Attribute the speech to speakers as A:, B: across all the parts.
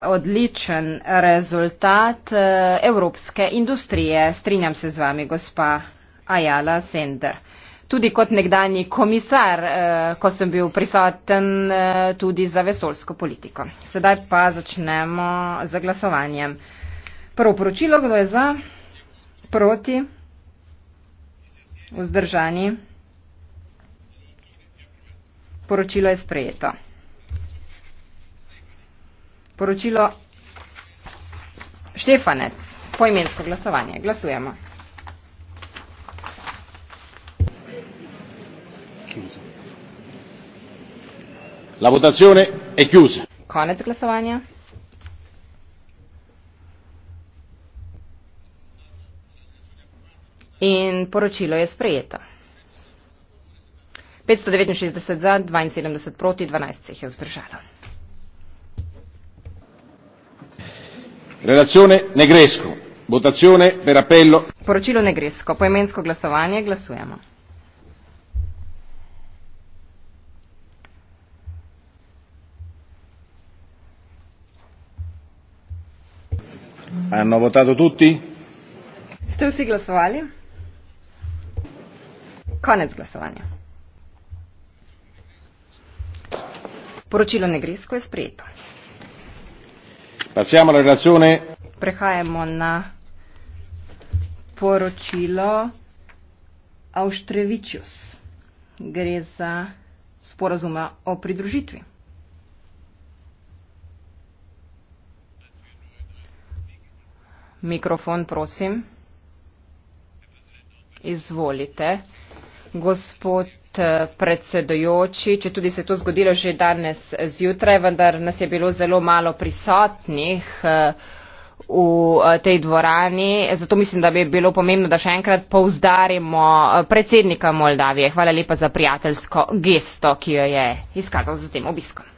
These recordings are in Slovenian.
A: odličen rezultat eh, evropske industrije. Strinjam se z vami, gospa Ajala Sender. Tudi kot nekdani komisar, eh, ko sem bil prisoten eh, tudi za vesolsko politiko. Sedaj pa začnemo z glasovanjem. Prvo poročilo, kdo je za, proti, vzdržani. Poročilo je sprejeto poročilo Štefanec, poimensko glasovanje. Glasujemo. La votazione è chiusa. Konec glasovanja. In poročilo je sprejeto. 569 za, 72 proti, 12 se jih je vzdržalo. relazione negresco votazione per appello porcilo negresco poimensko glasovanje glasujemo hanno votato tutti ste vsi glasovali konec glasovanja poročilo negresko je sprejeto Passiamo alla relazione. Prehajamo na poročilo Auštrevičius. Gre za sporazuma o pridružitvi. Mikrofon, prosim. Izvolite. Gospod Eh, predsedojoči, če tudi se je to zgodilo že danes zjutraj, vendar nas je bilo zelo malo prisotnih eh, v eh, tej dvorani. Zato mislim, da bi bilo pomembno, da še enkrat povzdarimo predsednika Moldavije. Hvala lepa za prijateljsko gesto, ki jo je izkazal z tem obiskom.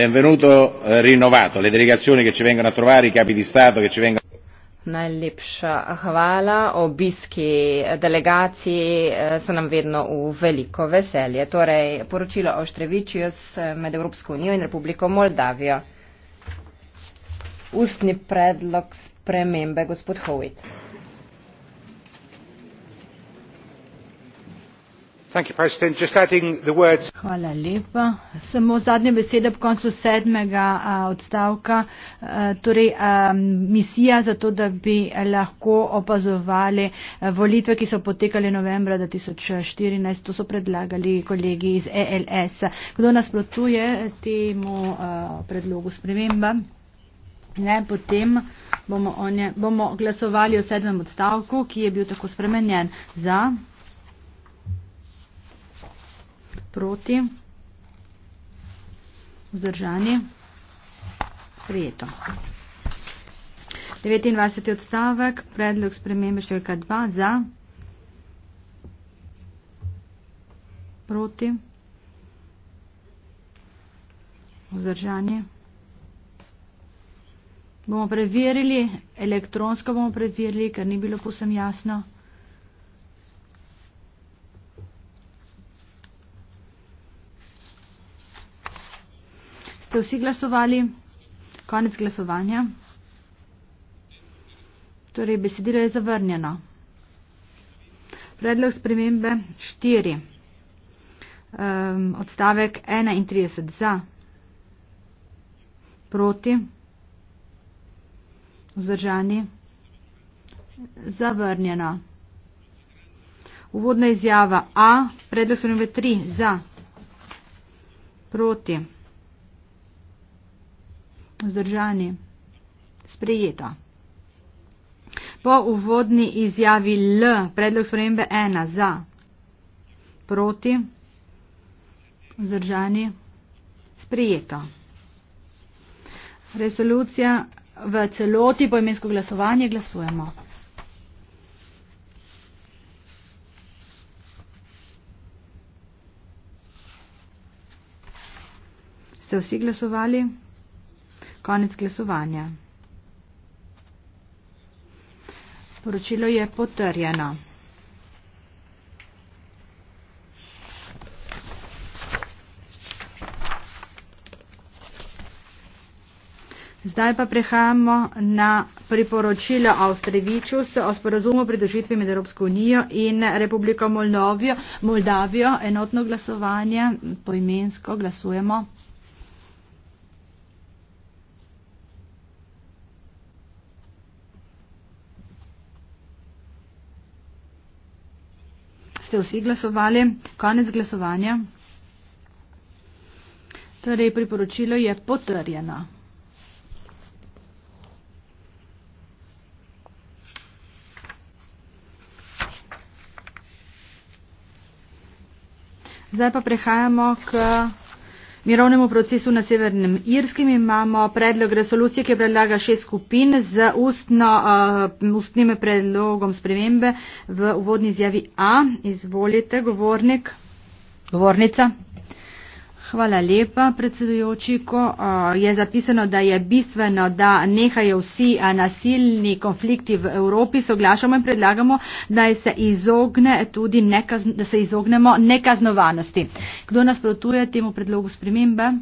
A: benvenuto eh, rinnovato le delegazioni che ci vengono a trovare i capi di stato che ci vengono Najlepša hvala. Obiski eh, delegacij eh, so nam vedno v veliko veselje. Torej, poročilo o Štreviču med Evropsko unijo in Republiko Moldavijo. Ustni predlog spremembe, gospod Hovit. samo zadnje
B: besede ob koncu sedmega odstavka torej misija za to da bi lahko opazovali volitve ki so potekale novembra dva tisoč štirinajst to so predlagali kolegi iz els kdo nasprotuje temu predlogu sprememba ne potem bomo, one, bomo glasovali o sedmem odstavku ki je bil tako spremenjen za proti, vzdržani, prijeto. 29. odstavek, predlog spremembe številka 2 za, proti, vzdržani. Bomo preverili, elektronsko bomo preverili, ker ni bilo posem jasno. Ste vsi glasovali? Konec glasovanja. Torej, besedilo je zavrnjeno. Predlog spremembe 4. Um, ehm, odstavek 31 za. Proti. Vzdržani. Zavrnjeno. Uvodna izjava A. Predlog spremembe 3 za. Proti vzdržani, sprejeto. Po uvodni izjavi L, predlog spremembe 1 za, proti, vzdržani, sprejeto. Resolucija v celoti po imensko glasovanje glasujemo. Ste vsi glasovali? Konec glasovanja. Poročilo je potrjeno. Zdaj pa prehajamo na priporočilo Avstreviču o sporazumu pridružitvi med Evropsko unijo in Republiko Moldavijo. Moldavijo enotno glasovanje, poimensko glasujemo. ste vsi glasovali. Konec glasovanja. Torej, priporočilo je potrjeno. Zdaj pa prehajamo k mirovnemu procesu na Severnem Irskem. Imamo predlog resolucije, ki predlaga šest skupin z ustno, uh, ustnim predlogom spremembe v uvodni izjavi A. Izvolite, govornik. Govornica. Hvala lepa, predsedujoči. Ko je zapisano, da je bistveno, da nehajo vsi nasilni konflikti v Evropi, soglašamo in predlagamo, da se, izogne tudi nekazn, da se izognemo nekaznovanosti. Kdo nasprotuje temu predlogu spremembe?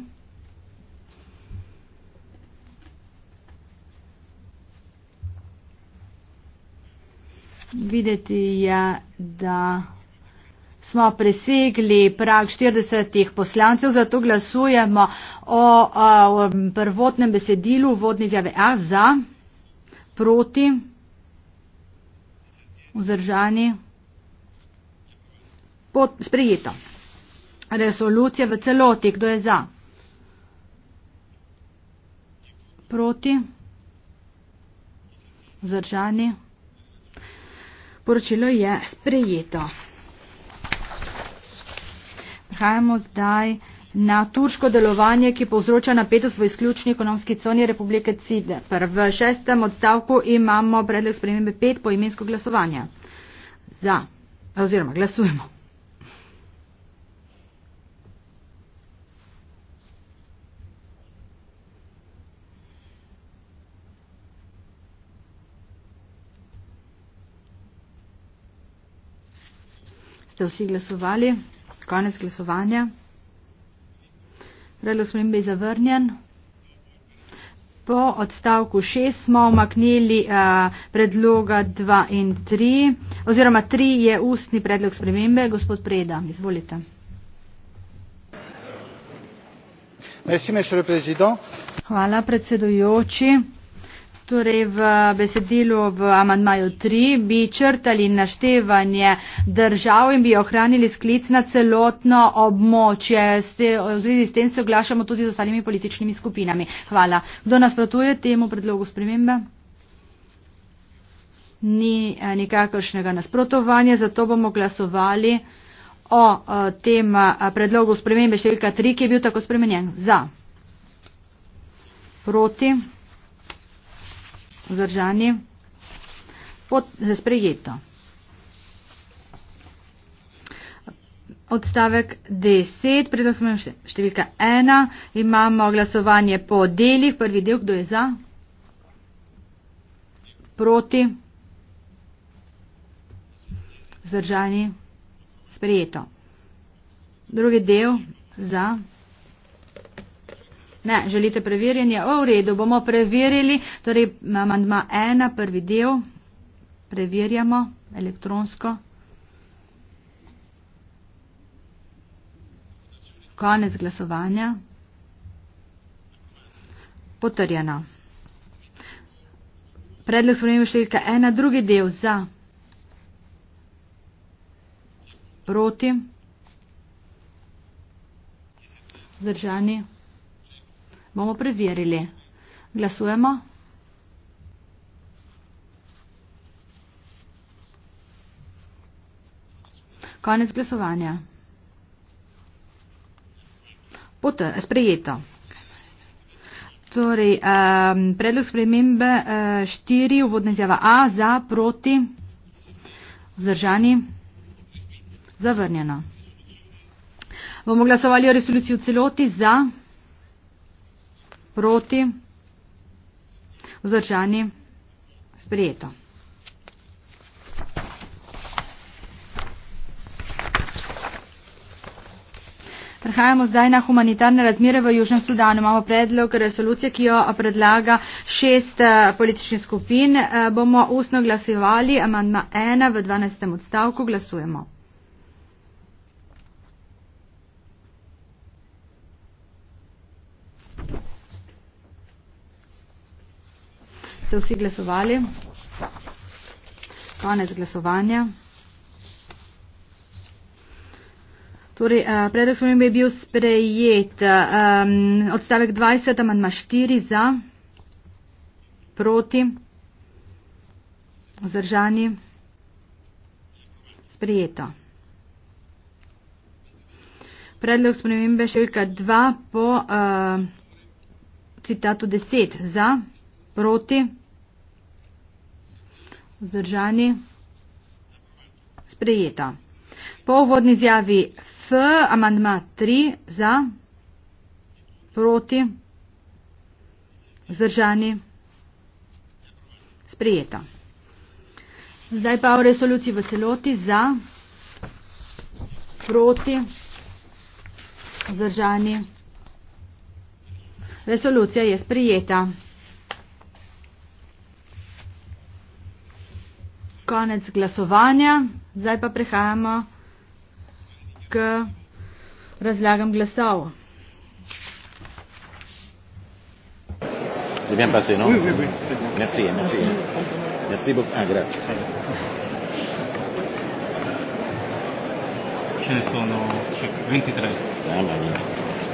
B: Videti je, da smo presegli prag 40 poslancev, zato glasujemo o, o, o prvotnem besedilu vodne izjave A za, proti, vzdržani, pod sprejeto. Resolucija v celoti, kdo je za? Proti, vzdržani. Poročilo je sprejeto prihajamo zdaj na turško delovanje, ki povzroča napetost v izključni ekonomski coni Republike Cider. V šestem odstavku imamo predlog spremembe pet po imensko glasovanje. Za, oziroma glasujemo. Ste vsi glasovali? konec glasovanja. Predlog spremembe je zavrnjen. Po odstavku 6 smo omaknili uh, eh, predloga 2 in 3, oziroma 3 je ustni predlog spremembe. Gospod Preda, izvolite. Hvala predsedujoči. Torej v besedilu v amantmaju 3 bi črtali naštevanje držav in bi ohranili sklic na celotno območje. V zvezi s tem se oglašamo tudi z ostalimi političnimi skupinami. Hvala. Kdo nasprotuje temu predlogu spremembe? Ni eh, nikakršnega nasprotovanja, zato bomo glasovali o eh, tem eh, predlogu spremembe številka 3, ki je bil tako spremenjen. Za. Proti vzdržani, pod sprejeto. Odstavek 10, predvsem še številka 1, imamo glasovanje po delih, prvi del, kdo je za, proti, vzdržani, sprejeto. Drugi del, za. Ne, želite preverjanje? O, v redu, bomo preverili. Torej, amandma ena, prvi del. Preverjamo elektronsko. Konec glasovanja. Potrjeno. Predlog spremembe številka ena, drugi del za. Proti. Zdržanje. Bomo preverili. Glasujemo. Konec glasovanja. Pot, eh, sprejeto. Torej, um, predlog spremembe 4, uh, eh, uvodna izjava A, za, proti, vzdržani, zavrnjeno. Bomo glasovali o resoluciji v celoti za proti, vzdržani, sprijeto. Prehajamo zdaj na humanitarne razmere v Južnem Sudanu. Imamo predlog resolucije, ki jo predlaga šest eh, političnih skupin. Eh, bomo ustno glasovali, amandma ena v 12. odstavku, glasujemo. ste vsi glasovali? Konec glasovanja. Torej, eh, predlog spremembe je bil sprejet. Ehm, odstavek 20, amandma 4 za, proti, vzdržani, sprejeto. Predlog spremembe številka 2 po eh, citatu 10 za, proti, vzdržani. Zdržani. Sprejeto. Po uvodni izjavi F, amandma 3 za, proti, zdržani. Sprejeto. Zdaj pa v resoluciji v celoti za, proti, zdržani. Resolucija je sprejeta. konec glasovanja. Zdaj pa prehajamo k razlagam glasov.
A: Je bien passé, non Oui, oui, oui. Merci, merci. Merci beaucoup. Ah, grazie. Ce ne sono 23. Ah, ma vie.